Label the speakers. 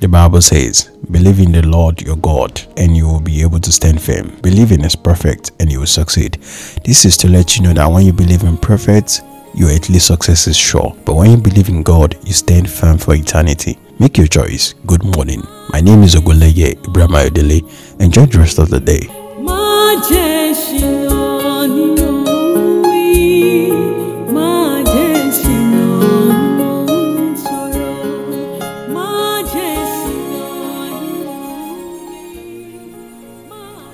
Speaker 1: The Bible says, Believe in the Lord your God and you will be able to stand firm. Believing is perfect and you will succeed. This is to let you know that when you believe in prophets, your earthly success is sure. But when you believe in God, you stand firm for eternity. Make your choice. Good morning. My name is Ogoleye Ibrahim Ayodele. Enjoy the rest of the day.